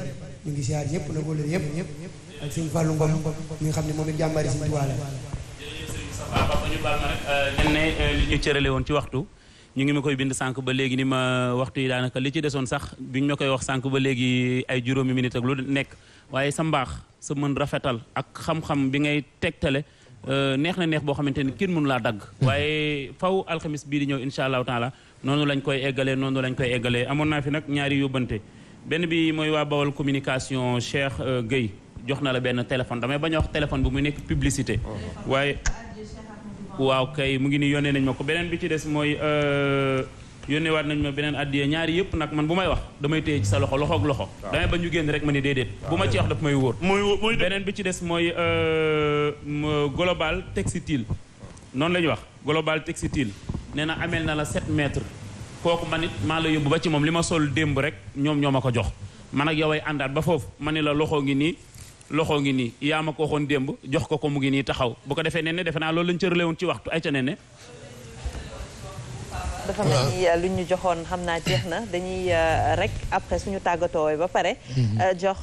ñu ngi siyaar ñëpp na góolal yëpp ñëpp ak sëñ Fallou Ngom xam ne moom it jàmbaari sëñ Tuubaa la ba ne euh, li ñu cërale woon ci waxtu ñu ngi ma koy bind sànq ba léegi ni ma waxtu yi daanaka li ci desoon sax biñ ma koy wax sànq ba léegi ay juróomi minute ak lu nekk waaye sa mbaax sa mën rafetal ak xam-xam bi ngay tegtale euh, neex na neex boo xamante ni kenn mënu laa dagg waaye faw alxamis bii di ñëw incha allah taala noonu lañ koy eggalee noonu lañ koy eggalee amoon naa fi nag ñaari yóbbante benn bi mooy waa Bawol communication Cheikh euh, Gueye jox na la benn téléphone damay bañ wax téléphone bu muy nekk publicité. waaye waaw kay mu ngi nii yónnee nañ ma ko beneen bi ci des mooy euh, yónnee waat nañ ma beneen addiya ñaari yëpp nag man bu may wax damay téye ci sa loxo loxoog loxo. damay bañ ñu génn rek ma ni déedéet. bu ma ci wax daf may wóor. beneen bi ci des mooy euh, global textile. noonu la ñuy wax global textile nee na ameel na la 7 mètres. kooku man it maa la yóbbu ba ci moom li ma sol démb rek ñoom ñoo ma ko jox man ak yow ay àndaat ba foofu ma ne la loxo ngi nii loxo ngi nii yaa ma ko waxoon démb jox ko ko mu ngi nii taxaw bu ko defee nee ne defe naa loolu lañ cërale woon ci waxtu ay euh, ñu joxoon xam naa jeex na dañuy euh, rek après su ñu tàggatoo ba pare. Mhm. Euh, jox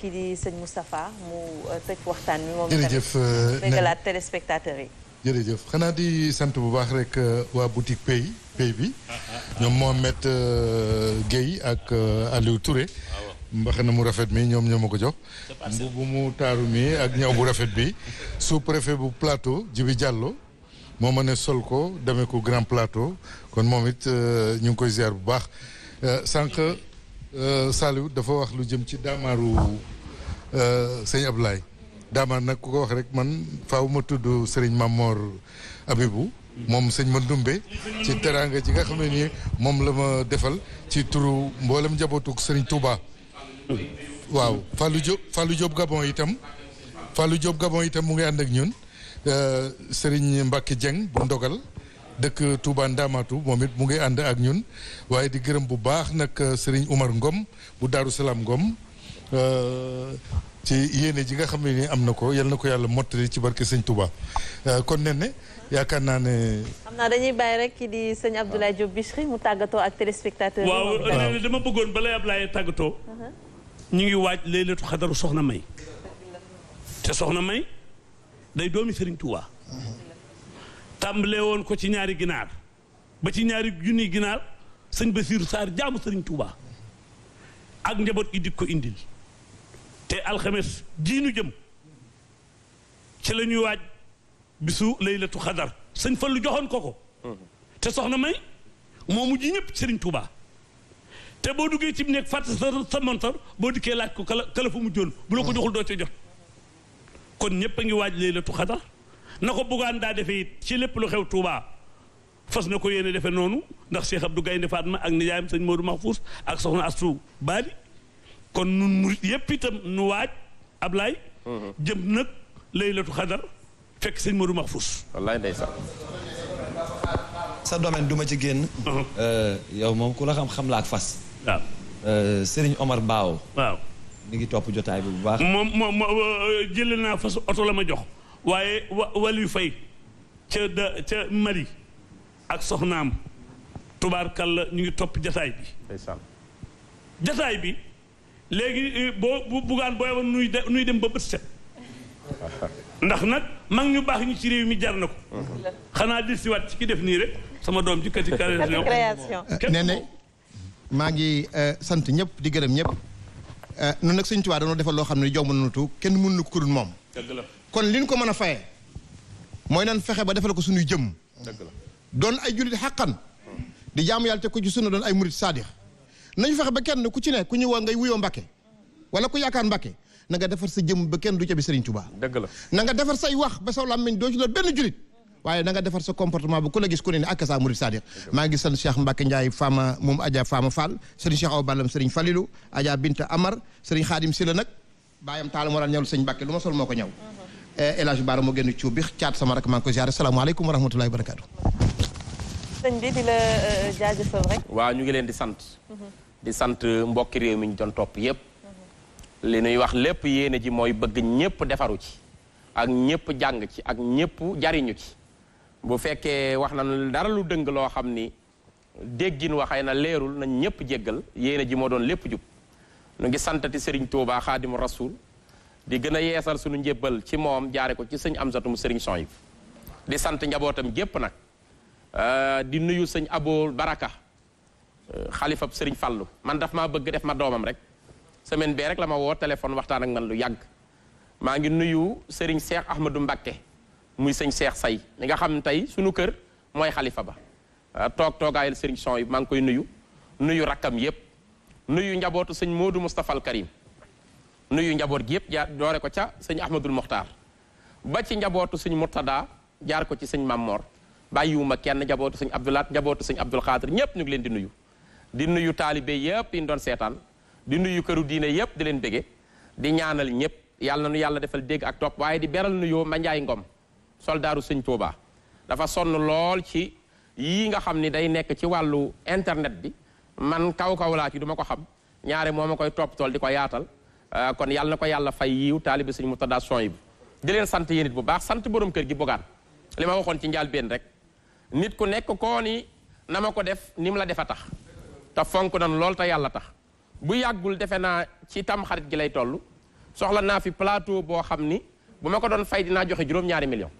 kii di sëñ Moustapha mu tëj waxtaan bi moom tamit jërëjëf béggalaat téléspectateurs yi. jërëjëf xanaa di sant bu baax rek waa boutique Pays. bi ñoom Mohamed euh, Gueye ak euh, Aliou ture mbaxana mu rafet mi ñoom ñoo ma ko jox mbubu mu taaru mi ak ñaw bu rafet bi sous préfet bu plateau jibi jàlloo moo ma ne sol ko demee ko grand plateau kon moom it euh, ñu ngi koy ziar bu baax sànq Saliou dafa wax lu jëm ci daamaaru sëñ Ablaye daamaar nag ku ko wax rek man faaw ma tudd sëriñ Mamor Abibou moom sëñ ma Ndumbe ci teraanga ji nga xam ne nii moom la ma defal ci turu mboolem njabootu sëriñ Touba. waaw Fallou Diop Fallou Diop Gabon itam Fallou Diop Gabon itam mu ngi ànd ak ñun euh, sëriñ Mbacke Dieng bu ndogal dëkk Touba Ndamatu moom it mu ngi ànd ak ñun waaye di gërëm bu baax nag euh, sëriñ Umar Ngom bu Daaru Salaam Ngom. Euh, ci yéene ji nga xam ne nii am na ko yal na ko yàlla mottali ci barke sëñ Touba kon nen yaakaar naa ne. xam naa dañuy bàyyi rekk di sëñ Abdoulaye Diop Bichri mu tàggatoo ak téléspectateur. waaw dama bëggoon balay Ablaye tàggatoo. Uh-huh. ñu ngi waaj léeg-léeg xadaru soxna May. te soxna May day doomi sëriñ Touba. Uh-huh. tàmbalee woon ko ci ñaari ginaar ba ci ñaari junni ginaar sëñ Basiiru Saar jaamu sëriñ Touba. ak njaboot gi di ko indil. te alxemes jiinu jëm ci la ñuy waaj. bisu laylatu xadar sëñ Fallu joxoon ko ko te soxna may moo mujj ñëpp sëriñ Touba te boo duggee ci nekk fàtt sa sa boo dikkee laaj ko kala kala fa mujjoon bu la ko joxul doo ca jox kon ñëpp a ngi waaj laylatu xadar na ko buggaan daa defee it ci lépp lu xew tuubaa fas na ko yéene defe noonu ndax Cheikh Abdou Gaynde Fatma ak nijaayam sëñ Modou Mahfous ak soxna Astou Bali kon nun murit yëpp itam nu waaj Ablaay mm-hmm. jëm nag laylatu xadar fekk si Modou Mahfous. wallaay ndeysaan. sa domaine du ci génn. Uh-huh. Euh, yow moom ku la xam xam la ak fas. waaw. Euh, Serigne Omar Baaw. waaw ngi topp jotaay bi bu baax. moom moom euh, jël naa fas oto la ma jox. waaye wa wàllu fay. ca da ca Mali. ak soxnaam. tubaarkalla ñu ngi topp jotaay bi. jotaay bi. léegi boo bu bugaan booy woon nuy dem ba bët set. ndax nag mag ñu baax ñu ci réew mi jar na ko. xanaa di siwaat ci ki def nii rek sama doom ji kati création nee na maa ngi euh, sant ñëpp di gërëm ñëpp. Euh, noonu nag Sëñ Tuubaa dañoo defal loo xam ne jomb nañu tu kenn mënuñu ko ku dul moom. kon li ko mën a fayee. mooy naan fexe ba defale ko suñuy jëm. doon ay jullit xàqan. di jaamu yàlla te ci sunna doon ay murit saadix nañu fexe ba kenn ku ci ne ku ñu woo ngay wuyoo Mbàkke wala ku yaakaar Mbàkke nanga nga defar sa jëm ba kenn du ca bi Serigne Touba. dëgg la na defar say wax ba saw làmmiñ doo ci lool benn julit waaye na defar sa comportement bu ku la gis ku ne ne ak sa murid maa ngi sant Cheikh Mbacke Ndiaye faama moom Adja Fama Fall Serigne Cheikh Awa Ballam Serigne Falilou Adja Binta Amar Serigne Khadim Sylla nag baayam bàyyam taalam waraan ñëwul sëñ mbakke lu ma sol moo ko ñëw uh-huh. eh, El Hadj Baara moo génn cuub bi caat sama rak maa ngi ko ziare salaamaaleykum wa rahmatulahi wa uh, ñu ngi leen di sant mm-hmm. sant uh, mbokki réew mi ñu topp yëpp li nuy wax lépp yéene ji mooy bëgg ñépp defaru ci ak ñépp jàng ci ak ñépp jariñu ci bu fekkee wax na dara lu dëng loo xam ni déggin waxay na leerul nañ ñépp jéggal yéene ji moo doon lépp jub nu ngi santati sëriñ Touba Xaadimu Rasul di gën a yeesal suñu njébbal ci moom jaare ko ci sëñ Amsatu mu Serigne Son yi di sant njabootam gépp nag euh, di nuyu sëñ Aboo Baraka euh, xalifab Serigne Fallou man daf maa bëgg def ma doomam rek semaine bee rek la ma woo téléphone waxtaan ak man lu yàgg maa ngi nuyu Serigne Cheikh Ahmadou Mbacké muy sëñ Cheikh Say mi nga xam tey suñu kër mooy xalifa ba ah, toog toogaayal Serigne son yi maa ngi koy nuyu nuyu rakkam yépp nuyu njabootu sëñ Modou Moustapha Karim nuyu njaboot gi yépp jaar doore ko ca sëñ Ahmadul Mokhtar ba ci njabootu sëñ Murtada jaar ko ci sëñ Mamor bàyyiwuma kenn njabootu sëñ Abdoulaat njabootu sëñ Abdul Xaadir ñépp ñu ngi leen di nuyu di nuyu taalibe yépp yi ñu doon seetaan di nuyu këru diine yëpp di leen bége di ñaanal ñëpp yàlla na nu yàlla defal dégg ak topp waaye di beral nuyoo Mandiaye Ngom soldaaru sëñ Touba dafa sonn lool ci yii nga xam ni day nekk ci wàllu internet bi man kaw kaw laa ci du ma ko xam ñaare moo ma koy topp tool di ko yaatal euh, kon yàlla na ko yàlla fay yiw taalibi sëñ Murtada son yi di leen sant yéen it bu baax sant boroom kër gi bogaan li ma waxoon ci njaal benn rek nit ku nekk koo ni na ma ko def ni mu la defa tax te fonk nan tax bu yàggul defe naa ci tam xarit gi lay toll soxla naa fi palaato boo xam ni bu ma ko doon fay dinaa joxe juróom-ñaari million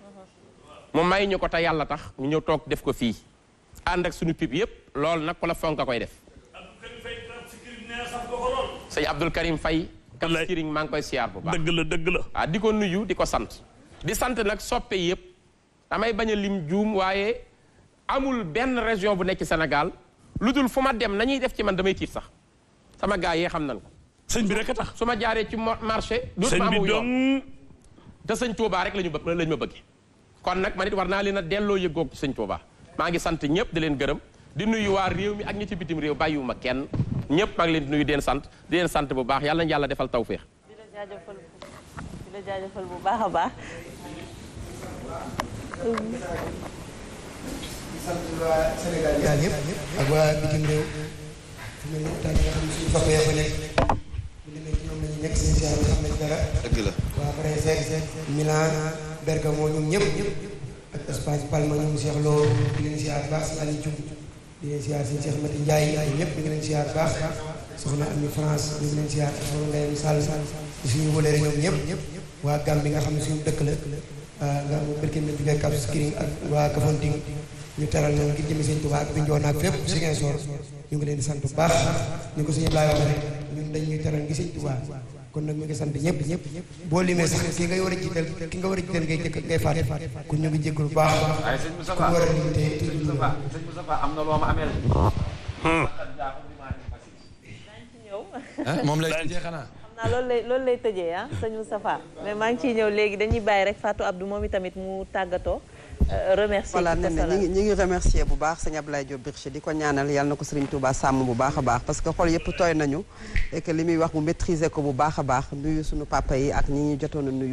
mu may ñu ko te yàlla tax ñu ñëw toog def ko fii ànd ak suñu pib yëpp loolu nag ku la fonk koy def sëñ Abdul Karim Faye kam sikiriñ maa ngi koy siyaar bu baax dëgg la dëgg la waaw ah, di ko nuyu di ko sant di sant nag soppe yëpp damay bañ a lim juum waaye amul benn région bu nekk senegal lu dul fu ma dem nañuy def ci man damay tiit sax sama gars yee xam nan ko. sëñ bi rek a tax su ma jaaree ci marché. sëñ bi dong te sëñ Touba rek lañu bëgg lañ ma bëgg kon nag man it war naa leen a delloo yëggoog ci sëñ Touba maa ngi sant ñëpp di leen gërëm di nuyu waa réew mi ak ñi ci bitim réew bàyyiwuma kenn ñëpp maa leen di nuyu deen sant di leen sant bu baax yàlla na defal tawféex. di la jaajëfal ñoom waxtaan yi nga xam ne suñu papa ya fa nekk bu demee ci ñoom la ñu nekk seen ziar bi xam nañ dara. dëgg la waa Brésil Milan Bergamo ñoom ñëpp ak Espagne Palma ñoom Cheikh Lo di leen ziar baax si Aliou Diouf di leen ziar si Cheikh Mati Ndiaye ñëpp di leen ziar baax soxna Ami France di leen ziar soxna Ndeye Sall suñu wëleere ñoom ñëpp waa Gambie nga xam ne suñu dëkk la nga berke mi jógee Cap Skirring ak waa Kafountine ñu teral leen ngir jëmi seen Tuubaa ak Bignona ak fépp Ziguinchor ñu ngi leen di sant bu baax ñu ko suñu Ablaay wax rek ñun dañuy teral ngi sëñ Tuubaa kon nag ñu ngi sant ñëpp ñëpp boo limee sax ki nga war a jiital ki nga war a jiital ngay jëkk ngay fàtte kon ñu ngi jégalu bu baax ku war a lim te sëñ Moustapha am na loo ma ameel hmm. moom lay tëjee xanaa. xam naa loolu lay tëje lay tëjee ah sëñ Moustapha mais maa ngi ciy ñëw léegi dañuy bàyyi rek Fatou Abdou moom itamit mu tàggatoo. remercier voilà nee na ñi ngi remercier bu baax sëñ Abdoulaye Diop Birché di ko ñaanal yàlla na ko Serigne Touba sàmm bu baax a baax parce que xol yëpp tooy nañu et que li muy wax mu maîtriser ko bu baax a baax nuyu suñu papa yi ak ñi ñuy jotoon a nuyu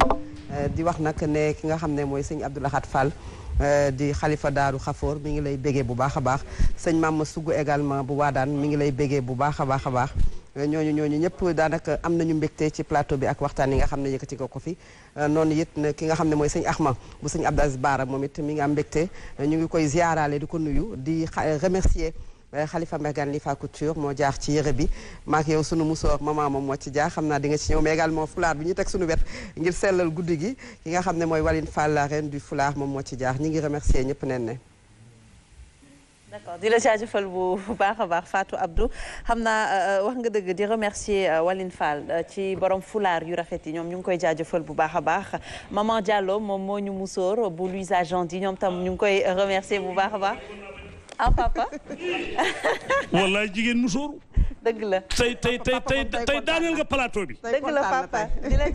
euh, di wax nag ne ki nga xam ne mooy sëñ Abdoulahat Fall Euh, di xalifa daaru xafoor mi ngi lay bégee bu baax a baax sëñ Mama Sugu également bu daan mi ngi lay bégee bu baax a baax a baax euh, ñooñu ñooñu ñëpp daanaka am nañu mbégte ci plateau bi ak waxtaan yi nga xam ne yëkkati ko ko fi euh, noonu it ki nga xam ne mooy sëñ ma bu sëñ Abdaz Baara moom it mi ngi am mbégte ñu ngi koy ziaraale di ko nuyu di remercier Eh, Khalifa Mbergane li fa couture moo jaar ci yëre bi maak yow sunu musoor maman moom moo ci jaar xam na di nga ci ñëw mais également fulaar bi ñu teg sunu wet ngir sellal guddi gi ki nga xam ne mooy walin Fall la reine du fulaar moom moo ci jaax ñi ngi remercier ñëpp nen ne d'accord di la jaajëfal bu baax a baax Fatou Abdou xam naa euh, euh, wax nga dëgg di remercier euh, walin Fall ci borom fulaar yu rafet yi ñoom ñu ngi koy jaajëfal bu baax a baax maman Diallo moom moo ñu musóor bu Louisa Gendy ñoom tam ñu ngi koy remercier bu baax a baax ah papa. wallaay jigéen mu sóoru. dëgg la tey tey tey tey daaneel nga plateau bi. papa di la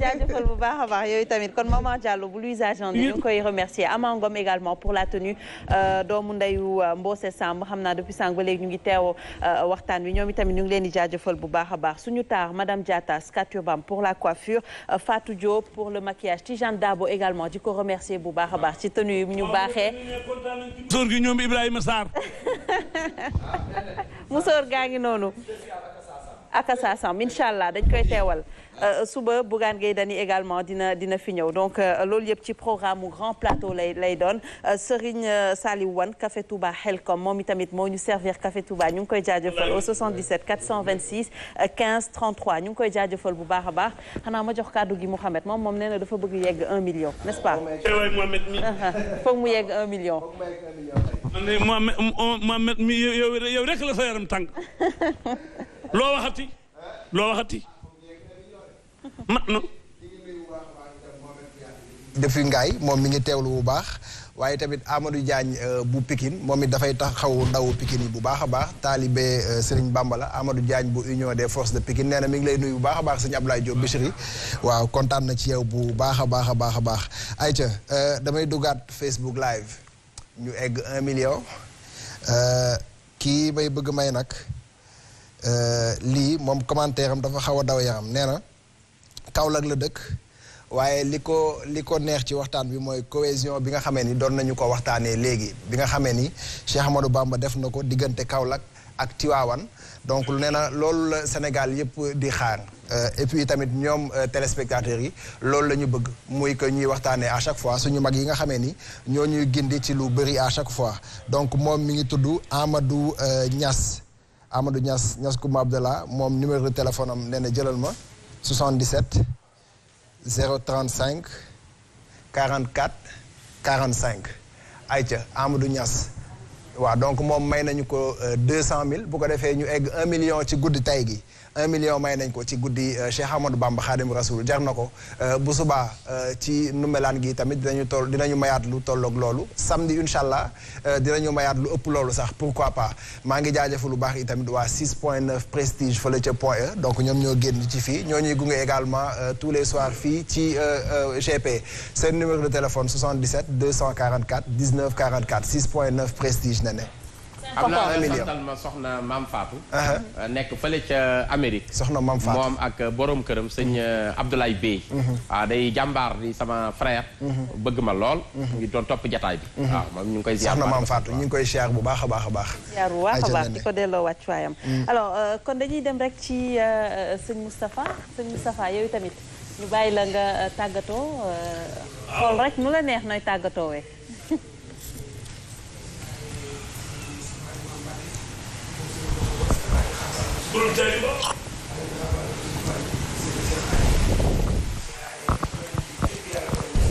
bu baax a baax yooyu tamit kon maman Diallo bu Louise Agende ñu ngi koy remercier Ama également pour la tenue euh, doomu ndeyu euh, Mbose Samb xam naa depuis sànq ba léegi ngi teew euh, waxtaan wi ñoom itamit ñu ngi leen di jaajëfal bu baax a baax suñu taar madame Diatta Skatoubam pour la coiffure Fatou Diop pour le maquillage Tijane Dabo également di ko remercier bu baax a baax ci tenue yi ñu baaxee. musóor gaa ngi noonu akasasam incha allah dañ koy teewal euh, suba Bougane Gueye Dany également dina dina fi ñëw donc euh, loolu yëpp ci programme mu grand plateau lay lay doon euh, Serigne Saliou Wane Café Touba Helcom moom itamit moo ñu servir kafe Touba ñu ngi koy jaajëfal au 77 426 15 33 ñu ngi koy jaajëfal bu baax a baax xanaa ma jox kàddu gi Mouhamed moom moom nee na dafa bëgg yegg un million nest foog mu yegg 1 million. man de Mohamed mi yow yow rek la ngaay moom mi ngi teewlu bu baax waaye tamit Amadou Diagne euh, bu Pikine moom mi dafay tax taxaw ndawu Pikine yi bu baax a baax taalibe euh, Serigne Bamba la Amadou Diagne bu Union des forces de Pikine nee na mi ngi lay nuyu bu baax a baax sëñ Abdoulaye Diop Bichri waaw kontaan na ci yow bu baax a baax a baax a baax ayca euh, damay dugaat Facebook live ñu egg un million euh, kii may bëgg may nag euh, lii moom commentaire dafa xaw a daw yaram nee na Kaolack la dëkk waaye li ko li ko neex ci waxtaan bi mooy cohésion bi nga xamee ni doon nañu ko waxtaanee léegi bi nga xamee ni Cheikh Ahmadou Bamba def na ko diggante Kaolack ak Tiwaawan donc nee na loolu la Sénégal yëpp di xaar Euh, et puis tamit ñoom euh, téléspectateurs yi loolu la ñu bëgg muy que ñuy waxtaanee à chaque fois suñu mag yi nga xamee ni ñoo ñuy gindi ci lu bëri à chaque fois donc moom mi ngi tudd Amadou euh, Niass Amadou Niass Niass Koumba Abdallah moom numéro de téléphone am nee na jëlal ma 77 035 44 45 ayca Amadou ñas waaw donc moom may nañu ko 200 000 bu ko defee ñu egg 1 million ci guddi tay gi un million may nañ ko ci guddi euh, Cheikh Amadou Bamba Khadim Rasoul jar na ko euh, bu subaa euh, ci numelaan gi tamit dinañu toll dinañu mayaat lu tolloog loolu samedi incha allah dinañu mayaat lu ëpp loolu sax pourquoi pas maa ngi jaajëfal lu baax itamit waa 6 point 9 prestige fële ca point E donc ñoom ñoo génn ci fii ñoo ñuy gunge également tous les soirs fii ci GP seen numéro de téléphone 77 244 19 44 6 point 9 prestige ne ne am na un million santal ma soxna maam Fatou. Euh, nekk fële ca Amérique. soxna maam Fatou moom ak euh, boroom këram sëñ euh, Abdoulaye Bey. waaw mhm. ah, day jàmbaar di sama frère. Mhm. bëgg ma lool. Mhm. ngi doon topp jataay bi. waaw ah, moom ñu ngi koy ziar soxna maam Fatou ñu ngi koy ziar bu baax a baax a baax. ziar bu baax a baax di ko delloo wàccuwaayam. Mm. alors kon dañuy dem rek ci sëñ Moustapha sëñ Moustapha yow tamit ñu bàyyi la nga tàggatoo xool rek nu la neex nooy tàggatoowee. borom jaay ba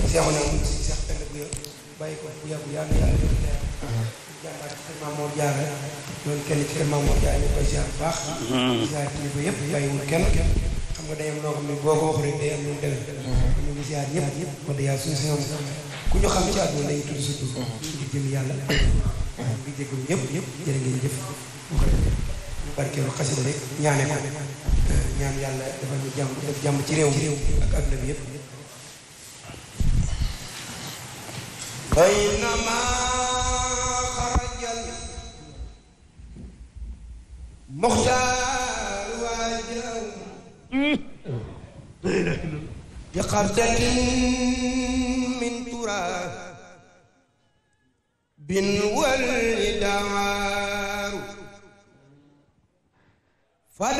seexu na mu si seex pend bu yëpp bàyyi ko bu yàgg yàlla yàlla def leer jàmbaar ci Maam Mor Jaara doon kenn ci kenn xam nga day am loo xam ne boo ko wax rek day am lu demee ñu ngi ziar ñëpp ñëpp wax dëgg yàlla suñu ku ñu xam ci àdduna dañuy tudd sa tur ngir jëm yàlla ngi jégalu ñëpp ñëpp jërë ngeen jëf barkeelu xasida rek ñaane ko ñaan yàlla dafa ñu jàmm def jàmm ci réew mi ak àdduna bi yépp baynama xarajal muxtaar waajal bi xardatin min turaab bin wal daa la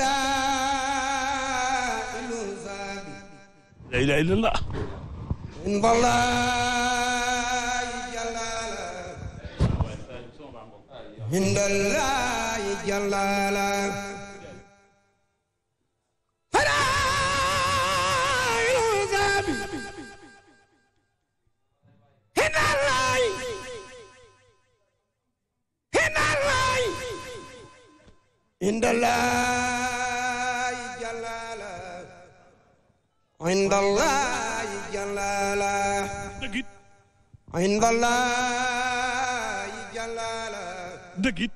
ilaha illallah indallaahi indallahi jalaala indallahi jalaala indallahi jalaala dëggit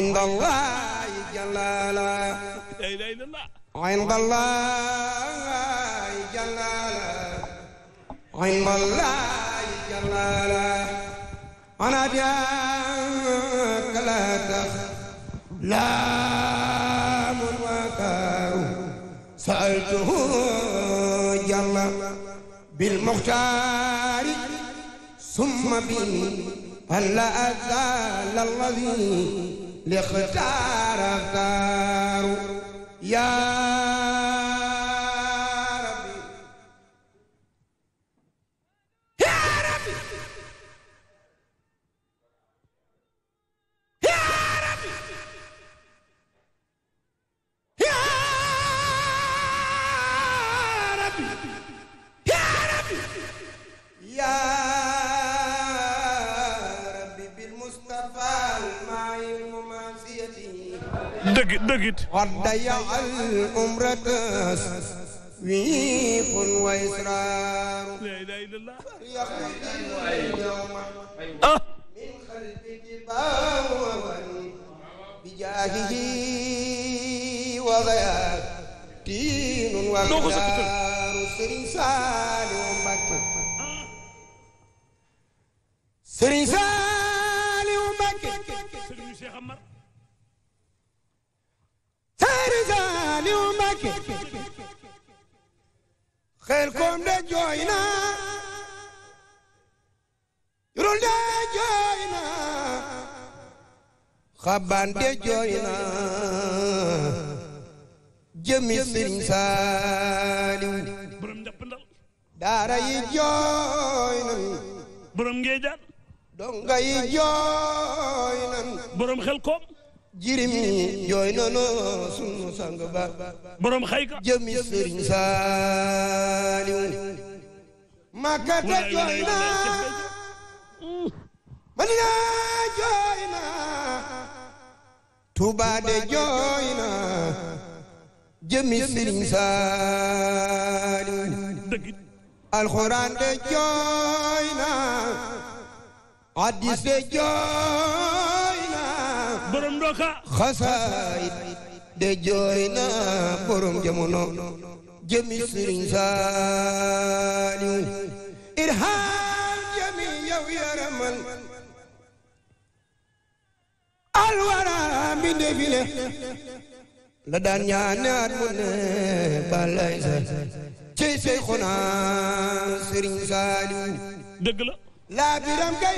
indallahi jalaala la ilaha illallah indallahi jalaala indallahi jalaala ana biya kala tax laam wakaaru saaltuhu jalla bil muxtaari summa bi alla azal alladi li xtaara xtaaru yaa dëgg dëgg it ah doo ko sëkk tël Sëriñ Saaliw Mbàkke Saaliw Mbàkke xel koom de jooy na yurul de jooy na xabaan jooy na jëmi Sëriñ Saaliw jooy na borom ngeejaan donga jooy na borom xel jirim jooy noonu sunu sang ba borom xayka jëmi jooy na madina jooy na tuuba de jooy na jëmi sëriñ alxuraan de jooy na hadiis de jooy borom ndoka xasaayit de jooy na borom jamono jëmi sëriñ Saaliw irham jëmi yow yaramal alwara mi ndefile la daan ñaanaat mu ne balay sa cey sey xona sëriñ la laa biram ga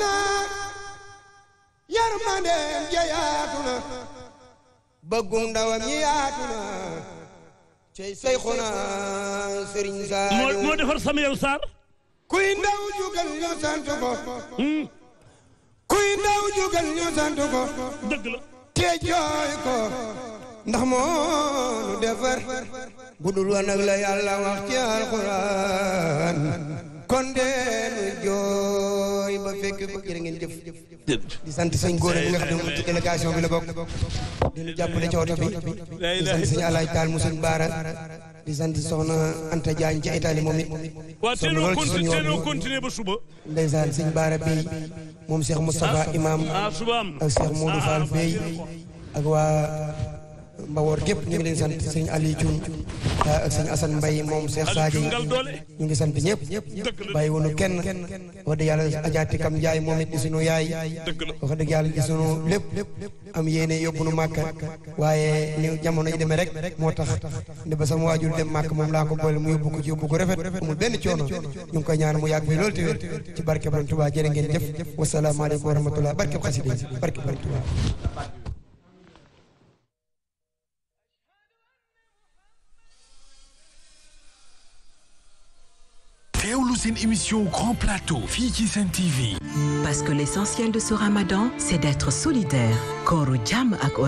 naa yërmandeem ja yaatu na bëggum ndawam yi yaatu na cey Seyxuna Sëriñ moo defar Samuel Sarr kuy hmm. kuy ndaw jugal ñu sant ko dëgg te jooy ko ndax moonu defar bu dul nag la yàlla wax ci alxuraan kon deenu jooy yi ba fekk ko jërë ngeen jëf di sant sëñ góor bi nga xam ne moom ci délégation bi la bokk di ñu jàppale a oto bi di sant sëñ alaaj taal mu sëñ baara di sant soxna Anta Diagne ci Italie moom it waaw teeloo continuer ba suba ndeysaan sëñ baara bay moom Cheikh Moustapha ah, imam ah, ak Cheikh Modou Fall bay ak waa mbawoor gépp ñu ngi leen sant sëñ Aliou Thioune ak ah, sëñ Assane Mbaye moom Cheikh Sadio ñu ngi sant ñëpp bàyyi wunu kenn wax dëgg yàlla ajaati kam jaay moom it di sunu yaay wax dëgg yàlla di lépp am yéene yóbbu nu màkk waaye ni jamono yi demee rek moo tax ne ba sama waajur dem màkk moom laa ko boole mu yóbbu ko ci yóbbu ko rafet amul benn coono ñu koy ñaan mu yàgg fi loolu te wér ci barke Borom Tuubaa jërë ngeen jëf wasalaamaaleykum wa rahmatulah barke xasida barke teewlu seen émission Grand fii ci Sen TV parce que l'essentiel de ce Ramadan c'est d'être solidaire kooru jàmm ak